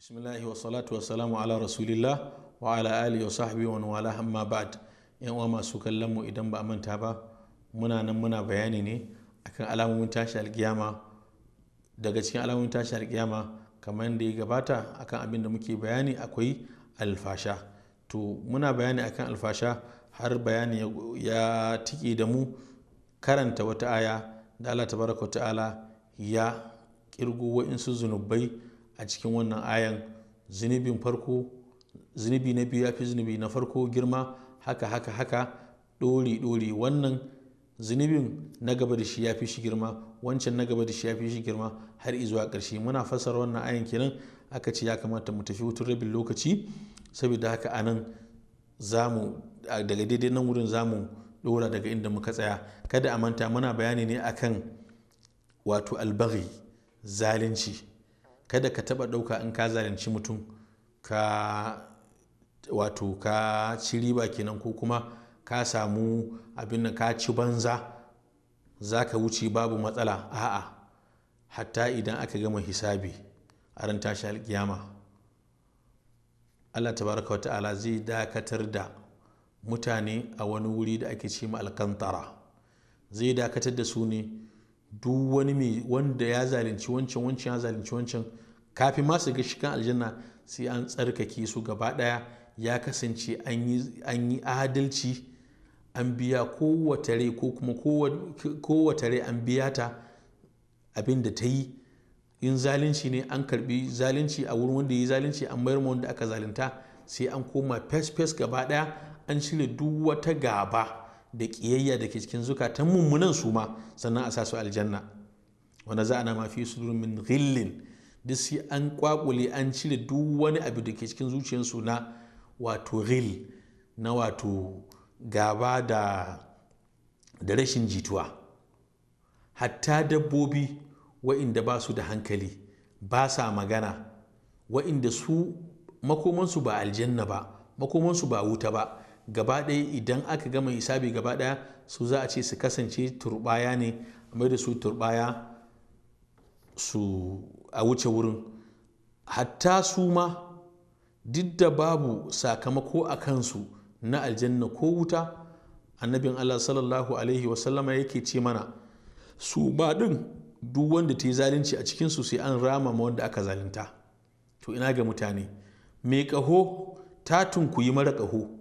bismillahi wa salatu wa salamu ala rasulillah wa ala alihi wa sahbihi wa wala amma ba'd yan uwa masu kallon mu idan ba a manta ba muna nan muna bayani ne akan alamomin tashi alkiyama daga cikin alamomin tashi alkiyama kamar da ya gabata akan abin da muke bayani akwai alfasha to muna bayani akan alfasha har bayani ya tiki da mu karanta wata aya da Allah Ta tabaraka ta'ala ya kirgo wa'insu zunubai a cikin wannan ayan zunubin farko zunubi na biyu ya fi zunubi na farko girma haka haka haka ɗori ɗori wannan zunubin na gaba da shi ya fi shi girma wancan na gaba da shi ya fi shi girma har izuwa ƙarshe muna fassara wannan ayan kenan aka ce ya kamata mu tafi hutun rabin lokaci saboda haka anan zamu daga daidai nan wurin zamu ɗora daga inda muka tsaya kada a manta muna bayani ne akan wato albaghi zalunci kada ka taba ɗauka in ka zalunci mutum ka wato ka ci riba kenan ko kuma ka samu abin da ka ci banza za ka wuce babu matsala a'a hatta idan aka gama hisabi a ran tashi alkiyama allah tabaraka wata'ala zai dakatar da mutane a wani wuri da ake ce ma alkantara zai dakatar da su ne duk wani mai wanda ya zalunci wancan wancan ya zalunci wancan kafin ma su ga aljanna sai an tsarkake su gaba daya ya kasance an yi adalci an biya kowace rai ko kuma kowace rai an biya ta abin da ta yi in zalunci ne an karbi zalunci a wurin wanda ya yi zalunci an mayar wanda aka zalunta sai an koma fes-fes gaba daya an shirya duk wata gaba da ƙiyayya da ke cikin zukatan mummunan su ma sannan a sa su aljanna wani za na mafi sudur min ghillin duk sai an kwakule an cire duk wani abu da ke cikin zuciyarsu na wato ghil na wato gaba da da rashin jituwa hatta dabbobi wa'inda ba su da hankali ba sa magana wa'inda su makomansu ba aljanna ba makomansu ba wuta ba gaba ɗaya idan aka gama hisabi gaba ɗaya su za a ce su kasance turbaya ne mai da su turbaya su a wuce wurin hatta su ma duk da babu sakamako a kansu na aljanna ko wuta annabin allah sallallahu alaihi wasallama yake ce mana su ba ɗin duk wanda ta yi zalunci a cikinsu sai an rama ma wanda aka zalunta to ina ga mutane mai ƙaho ta tunkuyi mara ƙaho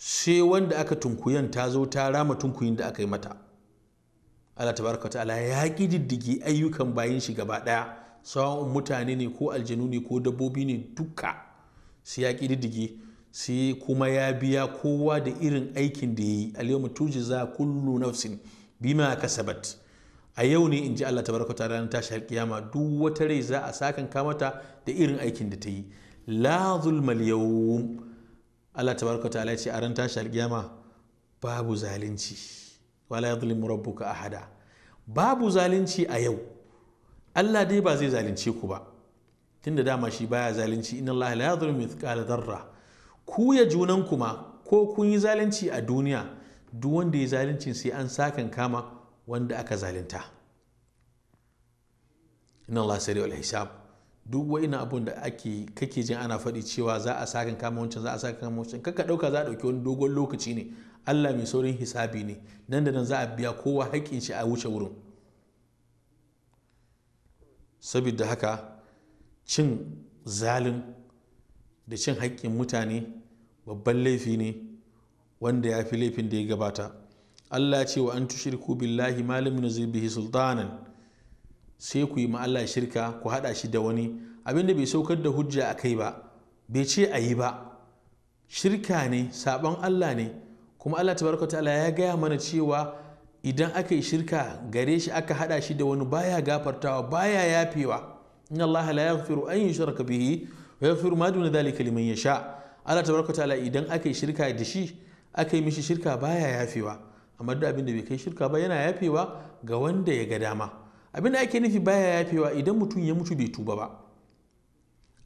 sai wanda aka tunkuyan ta zo ta rama tunkuyin da aka yi mata Allah tabaraka ta'ala ya diddigi ayyukan bayan shi gaba ɗaya Tsawon mutane ne ko aljanu ne ko dabbobi ne duka sai ya diddigi sai kuma ya biya kowa da irin aikin da ya yi alyawma tujza kullu nafsin bima kasabat a yau ne in ji Allah tabaraka ta ta tashi alkiyama duk wata rai za a sakan mata da irin aikin da ta yi la zulmal yawm Allah tabaraka ta'ala ce a ran tashi alkiyama babu zalunci wala yadhlimu rabbuka ahada babu zalunci a yau Allah dai ba zai zalunce ku ba tunda dama shi baya zalunci inna Allah la yadhlimu mithqala dharra ku ya junan kuma ko kun yi zalunci a duniya duk wanda ya zalunci sai an sakan kama wanda aka zalunta inna Allah sari'ul hisab duk wa'ina abun da ake kake jin ana faɗi cewa za a sakin kama wancan za a sakin kama wancan kaka ɗauka za a ɗauki wani dogon lokaci ne Allah mai saurin hisabi ne nan da nan za a biya kowa haƙƙin shi a wuce wurin saboda haka cin zalin da cin haƙƙin mutane babban laifi ne wanda ya fi laifin da ya gabata Allah ce wa an tushirku billahi malam zai bihi sultanan sai ku yi ma Allah shirka ku haɗa shi da wani abinda bai saukar da hujja a kai ba bai ce a yi ba shirka ne saɓon Allah ne kuma Allah tabaraka ta'ala ya gaya mana cewa idan aka yi shirka gare shi aka haɗa shi da wani baya gafartawa baya yafewa in Allah la yaghfiru an shirka bihi wa yaghfiru ma duna dalika liman yasha Allah tabaraka ta'ala idan aka yi shirka da shi aka yi mishi shirka baya yafewa amma duk abin da bai kai shirka ba yana yafewa ga wanda ya ga dama abin da ake nufi baya yafewa idan mutum ya mutu bai tuba ba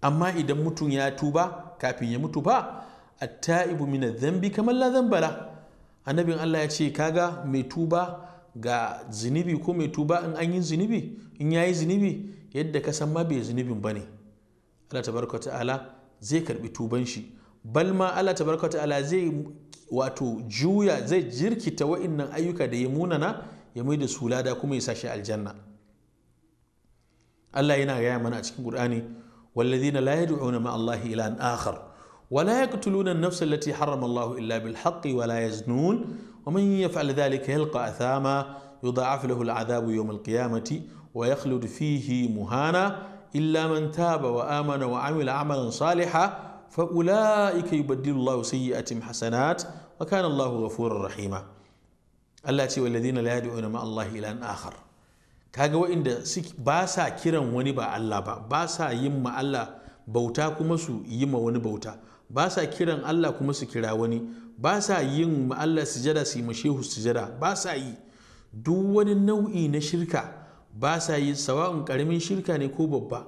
amma idan mutum ya tuba kafin ya mutu ba atta'ibu min zambi kamar la zambala annabin Allah ya ce kaga mai tuba ga zinubi ko mai tuba in an yi zunubi in yayi zinubi yadda ka san ma bai zunubin bane Allah tabaraka ta'ala zai karbi tuban shi bal ma Allah tabaraka ta'ala zai wato juya zai jirkita wa'innan ayyuka da ya munana ya mai da su lada kuma ya sashi aljanna الله ينهى يا من أشكن قرآني والذين لا يدعون مع الله إلى آخر ولا يقتلون النفس التي حرم الله إلا بالحق ولا يزنون ومن يفعل ذلك يلقى أثاما يضاعف له العذاب يوم القيامة ويخلد فيه مهانا إلا من تاب وآمن وعمل عملا صالحا فأولئك يبدل الله سيئات حسنات وكان الله غفورا رحيما الله والذين لا يدعون مع الله إلى آخر kaga waɗanda ba sa kiran wani ba Allah ba ba sa yin ma Allah bauta kuma su yi ma wani bauta ba sa kiran Allah kuma su kira wani ba sa yin ma Allah sujada su yi ma shehu sujada ba sa yi duk wani nau'i na shirka ba sa yi sawa'un karamin shirka ne ko babba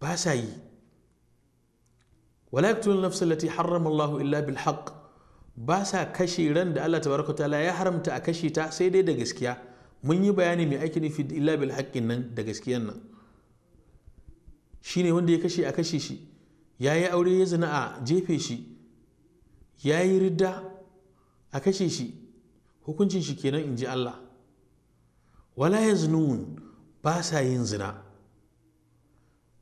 ba sa yi wala yaqtulun nafsa allati harrama Allahu illa bil haqq ba sa kashe ran da Allah tabaraka taala ya haramta a kashe ta sai dai da gaskiya mun yi bayani mai ake nufi illa bil haƙƙin nan da gaskiyan nan Shi ne wanda ya kashe a kashe shi ya yi aure ya zina a jefe shi ya yi ridda a kashe shi hukuncin shi kenan in ji Allah wala ya zinun ba sa yin zina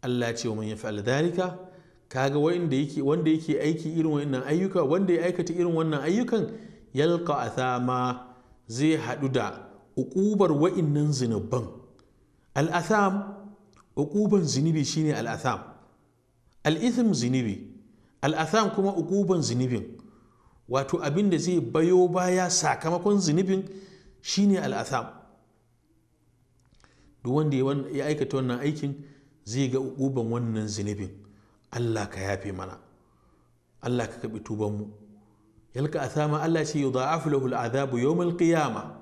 Allah ce wa man fa’al dalika kaga wanda yake wanda yake aiki irin wannan ayyuka wanda ya aikata irin wannan ayyukan yalka a zai haɗu da uƙubar wa'innan zunuban al'atham uƙuban zunubi shine al'atham al'ithim zunubi al'atham kuma uƙuban zinubin wato abin da zai bayo baya sakamakon zinubin shine al'atham duk wanda ya aikata wannan aikin zai ga uƙuban wannan zinubin allah ka yafe mana allah ka kaɓi tubanmu yalka sama allah ce yudha'afu lahul azabu yawmal qiyamah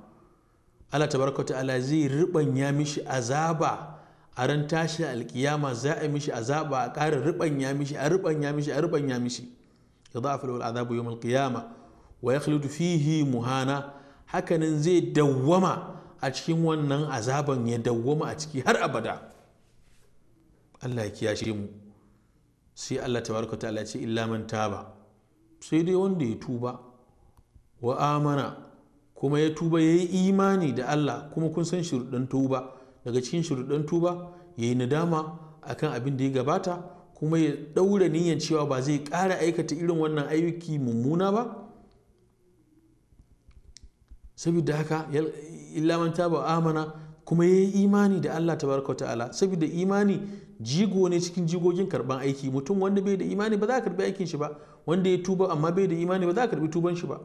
Allah ta barakwata ta'ala zai ribanya mishi azaba a ran tashi alkiyama za a mishi azaba a ƙara ribanya mishi a ribanya mishi a ribanya mishi a fi al'adabu azabu yawon alkiyama wa khalidu fihi muhana hakanan zai dawwama a cikin wannan azaban ya dawwama a ciki har abada Allah ya kiyashe mu sai Allah ta tabaraka ta'ala ce illa man taba sai dai wanda ya tuba wa amana kuma ya tuba ya yi imani da Allah kuma kun san shirudan tuba daga cikin shirudan tuba ya yi nadama akan abin da ya gabata kuma ya ɗaura niyyar cewa ba zai ƙara aikata irin wannan aiki mummuna ba saboda haka illaman taba amana kuma ya yi imani da Allah ta tabaraka ta'ala saboda imani jigo ne cikin jigogin karban aiki mutum wanda bai da imani ba za a karbi aikin shi ba wanda ya tuba amma bai da imani ba za a karbi tuban shi ba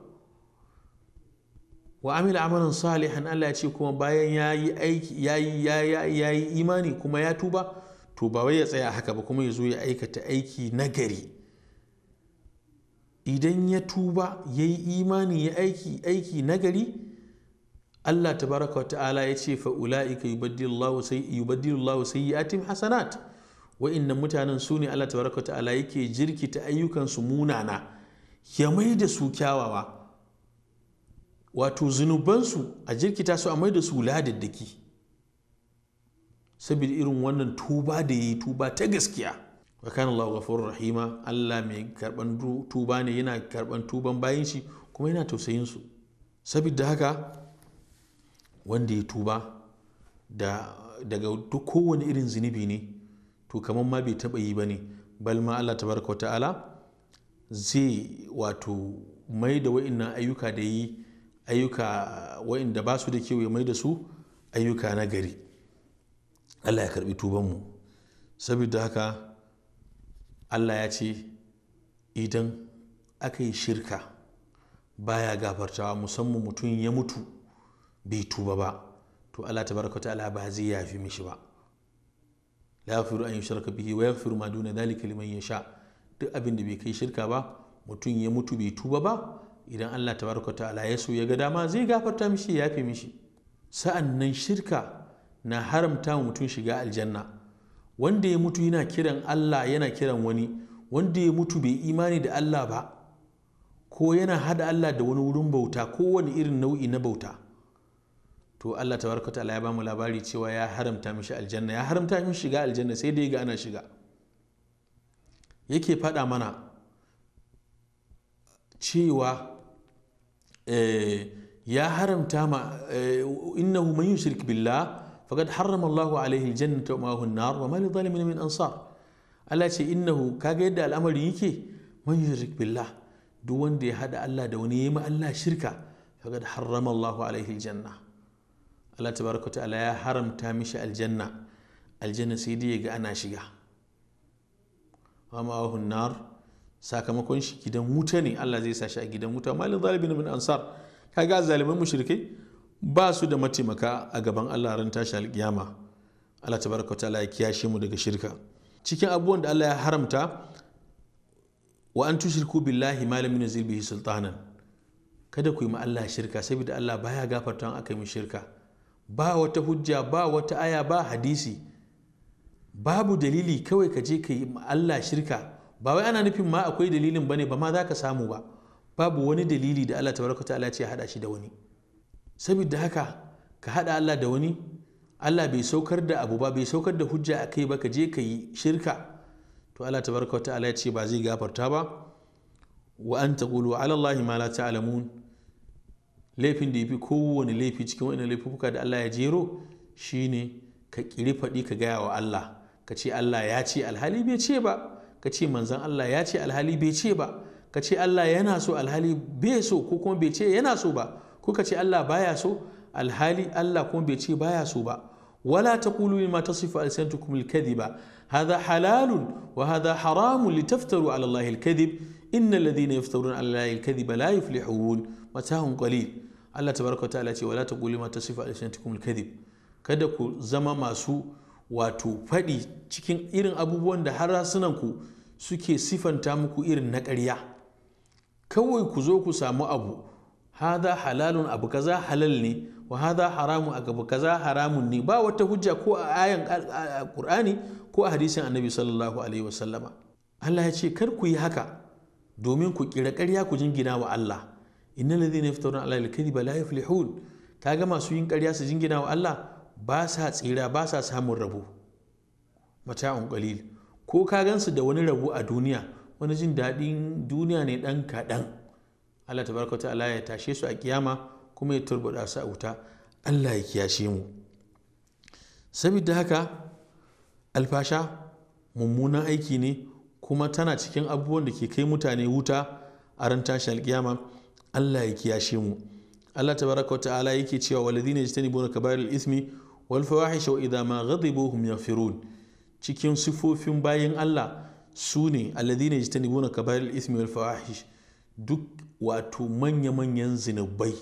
wa amila amalan salihan Allah ya ce kuma bayan yayi aiki imani kuma ya tuba to ba wai ya tsaya haka ba kuma ya zo ya aikata aiki nagari idan ya tuba yayi imani ya aiki aiki nagari Allah tabaraka wa ta'ala ya ce fa ulaika yubaddilullahu yubaddilullahu sayyi'atim hasanat wa'annan mutanen su ne Allah tabaraka wa ta'ala yake jirkita ayyukansu munana ya mai da su kyawawa wato zunubansu a jirkita su a mai da su ladaddaki saboda irin wannan tuba da yi tuba ta gaskiya wa kana Allah ghafurur rahima Allah mai karban tuba ne yana karban tuban bayan shi kuma yana tausayin su saboda haka wanda ya tuba daga duk kowane irin zunubi ne to kamar ma bai taba yi bane bal ma Allah tabaraka ta'ala zai wato mai da wa'annan ayyuka da yi ayyuka wa'inda ba su da kyau ya mai da su ayyuka na gari allah ya karbi tubanmu saboda haka allah ya ce idan aka yi shirka baya gafartawa musamman mutum ya mutu bai tuba ba to allah ta barakwata ta'ala ba zai yafi mishi ba la yaghfiru an yushraka bihi wa yaghfiru ma duna dhalika liman sha. duk abin da bai kai shirka ba mutum ya mutu bai tuba ba idan Allah tabaraka ta'ala ya so ya ga dama zai gafarta mishi ya fi mishi sa'an nan shirka na haramta wa mutum shiga aljanna wanda ya mutu yana kiran Allah yana kiran wani wanda ya mutu bai imani da Allah ba ko yana hada Allah da wani wurin bauta ko wani irin nau'i na bauta to Allah tabaraka ta'ala ya bamu labari cewa ya haramta mishi aljanna ya haramta mishi shiga aljanna sai dai ga ana shiga yake faɗa mana cewa Eh, ya haramta ma eh, innahu man yushrik billah faqad harrama Allahu alaihi aljannata wa ma'ahu an-nar wa ma lidhalimin min ansar Allah ce innahu kaga yadda al'amari yake man yushrik billah duk wanda ya hada Allah da wani yayi ma Allah shirka faqad harrama Allahu alaihi aljanna Allah tabaraka ta'ala ya haramta mishi aljanna aljanna sai dai ga ana shiga wa ma'ahu an-nar sakamakon shi gidan wuta ne Allah zai sa shi a gidan wuta malin zalimin min ansar kaga zaliman mushrikai ba su da mataimaka a gaban Allah ran tashi alkiyama Allah tabaraka ta'ala ya kiyashe mu daga shirka cikin abubuwan da Allah ya haramta wa an tushriku billahi ma lam yunzil bihi sultanan kada ku yi ma Allah shirka saboda Allah baya gafarta an aka yi shirka ba wata hujja ba wata aya ba hadisi babu dalili kawai ka je ka yi ma Allah shirka ba wai ana nufin ma akwai dalilin bane ba ma za ka samu ba babu wani dalili da Allah tabaraka ta'ala ce hada shi da wani saboda haka ka hada Allah da wani Allah bai saukar da abu ba bai saukar da hujja a kai ba ka je ka yi shirka to Allah tabaraka ta'ala ya ce ba zai gafarta ba wa an taqulu ala Allah ma la ta'lamun laifin da yafi kowane laifi cikin wannan laifuka da Allah ya jero shine ka kiri faɗi ka gaya wa Allah ka ce Allah ya ce alhali bai ce ba kace manzon Allah ya ce alhali bai ce ba kace Allah yana so alhali bai so ko kuma bai ce yana so ba ko kace Allah baya so alhali Allah kuma bai ce baya so ba wala taqulu تقولوا tasifu alsanatukum ألسنتكم hadha halalun wa hadha haramun litaftaru ala Allah الكذب إن الذين yaftaruna ala Allah الكذب la yuflihun matahun qalil Allah tabaraka ta'ala ce wala taqulu ma tasifu alsanatukum alkadhib kada ku zama masu wato faɗi cikin irin abubuwan da har sunan ku suke sifanta muku irin na ƙarya kawai ku zo ku samu abu haza halalun abu kaza halal ne wa haramu haramun abu kaza haramun ne ba wata hujja ko a ayan qur'ani ko a hadisin annabi sallallahu alaihi wasallama Allah ya ce kar ku yi haka domin ku kira ƙarya ku jingina wa Allah innal ladhina yaftaruna ala al-kadhiba la yuflihun kaga masu yin ƙarya su jingina wa Allah ba sa tsira ba sa samun rabo mata'un qalil ko ka gansu da wani rabu a duniya wani jin daɗin duniya ne ɗan kaɗan Allah ta baraka ta'ala ya tashe su a kiyama kuma ya turbuɗa su a wuta Allah ya kiyashe mu saboda haka alfasha mummunan aiki ne kuma tana cikin abubuwan da ke kai mutane wuta a ran tashin alkiyama Allah ya kiyashe mu Allah Ta tabaraka ta'ala yake cewa ne jitani kaba'ir al ismi wal fawahisha wa idama ma ghadibu hum yaghfirun cikin sifofin bayan Allah su ne alladhina yajtanibuna kaba'ir ismi wal fawahish duk wato manya-manyan zinubai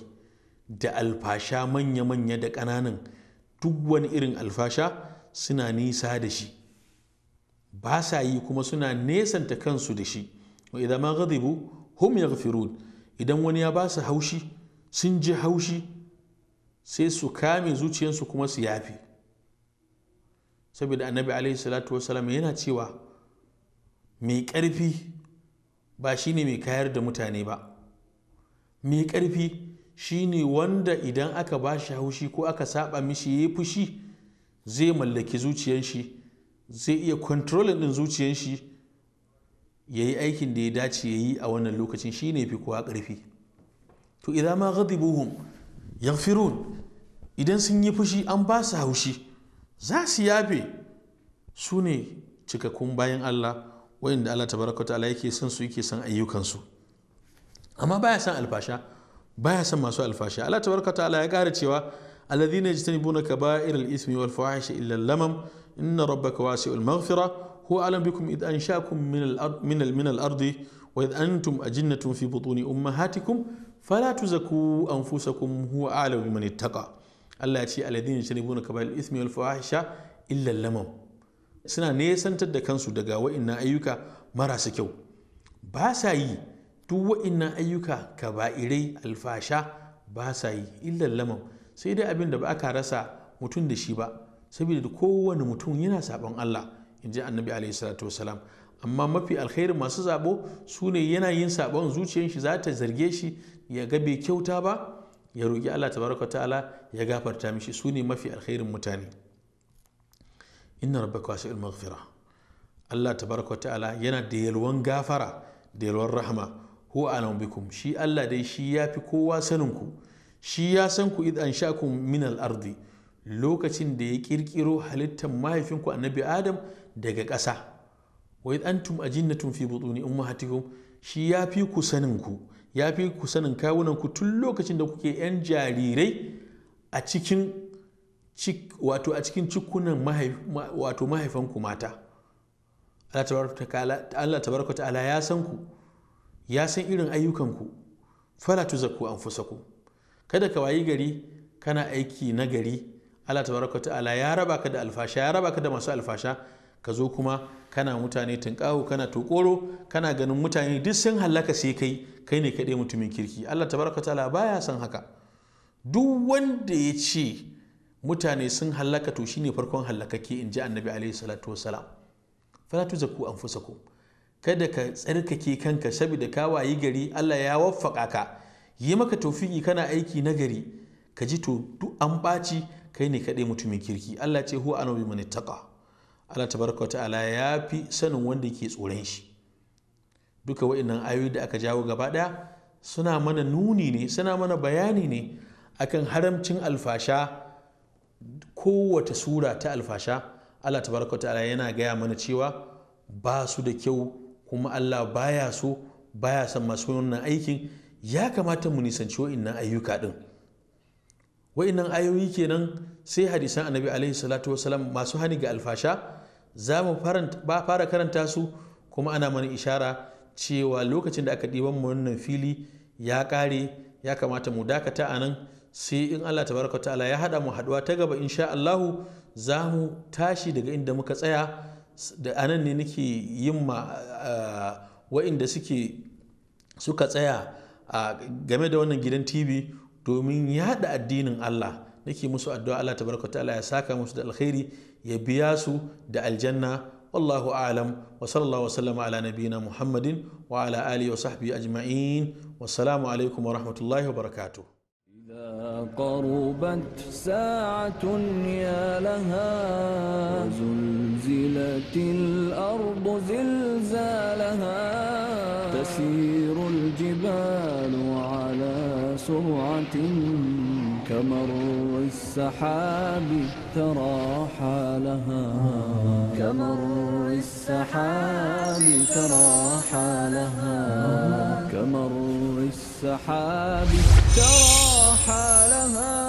da alfasha manya-manya da ƙananan duk wani irin alfasha suna nisa da shi ba sa yi kuma suna nesanta kansu da shi wa idan ma ghadibu hum yaghfirun idan wani ya ba su haushi sun ji haushi sai su kame zuciyarsu kuma su yafi saboda annabi alaihi salatu wasalam yana cewa mai ƙarfi ba shine mai kayar da mutane ba mai ƙarfi shine wanda idan aka ba shi haushi ko aka saba mishi ya fushi zai mallaki zuciyar shi zai iya kontrolin ɗin zuciyar shi ya yi aikin da ya dace ya yi a wannan lokacin shine fi kowa ƙarfi to idan ma gadi buhun, yan firun idan sun yi fushi an ba su haushi za su yafe su ne cikakkun bayan Allah wanda Allah tabaraka ta'ala yake son su yake son ayyukansu amma baya son alfasha baya son masu alfasha Allah tabaraka ta'ala ya kare cewa alladhina yajtanibuna kaba'iral ismi wal fawahisha illa lamam inna rabbaka wasi'ul maghfira هو أعلم بكم إذ أنشأكم من الأرض من من الأرض وإذ أنتم أجنة في بطون أمهاتكم فلا تزكوا anfusakum هو أعلم بمن اتقى Allah ya ce alladhin yajtanibuna kaba'il ismi wal fawahisha illa lamam suna nesantar da kansu daga wa'innan ayyuka marasa kyau ba sa yi duk wa'innan ayyuka kaba'irai alfasha ba sa yi illa lamam sai dai abin da ba aka rasa mutum da shi ba saboda kowane mutum yana sabon Allah in ji annabi alaihi salatu wasalam amma mafi alkhairi masu zaɓo su ne yana yin sabon zuciyar shi za ta zarge shi ya ga bai kyauta ba ya roƙi Allah tabaraka ta'ala ya gafarta mishi su ne mafi alkhairin mutane inna rabbaka wasi'ul maghfira Allah tabaraka ta'ala yana da yalwan gafara da yalwan rahama huwa alam bikum shi Allah dai shi ya fi kowa sanin ku shi ya san ku idan shakum min al-ardi lokacin da ya kirkiro halittar mahaifinku annabi Adam daga ƙasa wa id antum ajinnatun fi butuni ummahatikum shi ya fi ku sanin ku ya fi ku sanin kawunanku tun lokacin da kuke 'yan jarirai a cikin wato a cikin cikunan wato mahaifanku mata Allah tabaraka ta'ala ya san ku ya san irin ku fala zakku anfusakum kada ka wayi gari kana aiki na gari Allah tabaraka ta'ala ya raba ka da alfasha ya raba ka da masu alfasha ka zo kuma kana mutane tunƙahu kana tokoro kana ganin mutane duk sun hallaka sai kai kai ne kaɗai mutumin kirki Allah tabaraka ta'ala baya san haka duk wanda ya ce mutane sun hallaka to shine farkon hallakake in ji annabi alaihi salatu wassalam fala tuzakku anfusakum kada ka tsarkake kanka saboda ka wayi gari Allah ya waffaka ka yi maka tofiki kana aiki na gari ka ji to duk an ɓaci kai ne kaɗai mutumin kirki Allah ce huwa anabi man Allah tabaraka ta'ala ya fi sanin wanda ke tsoron shi duka wa'innan ayoyi da aka jawo gaba ɗaya suna mana nuni ne suna mana bayani ne akan haramcin alfasha kowace sura ta alfasha Allah tabaraka ta'ala yana gaya mana cewa ba su da kyau kuma Allah baya so baya son masu wannan aikin ya kamata mu nisanci wa'innan ayyuka din wa'innan ayoyi kenan sai hadisan annabi alaihi salatu wasalam masu hani ga alfasha za mu fara karanta su kuma ana mana ishara cewa lokacin da aka ɗiban mu wannan fili ya ƙare ya kamata mu dakata a nan sai in Allah Ta tabaraka ta'ala ya haɗa mu haɗuwa ta gaba insha Allahu za mu tashi daga inda muka tsaya da anan ne nake yin ma wa'inda suke suka tsaya game da wannan gidan TV domin yada addinin Allah nake musu addu'a Allah tabaraka ta'ala ya saka musu da alkhairi ya biya su da aljanna wallahu a'lam wa sallallahu wa sallama ala nabiyyina Muhammadin wa ala alihi wa sahbihi ajma'in wassalamu alaikum wa rahmatullahi wa barakatuh قربت ساعة يا لها زلزلت الأرض زلزالها كمر السحاب تراحى لها كمر السحاب تراحى لها كمر السحاب ترى حالها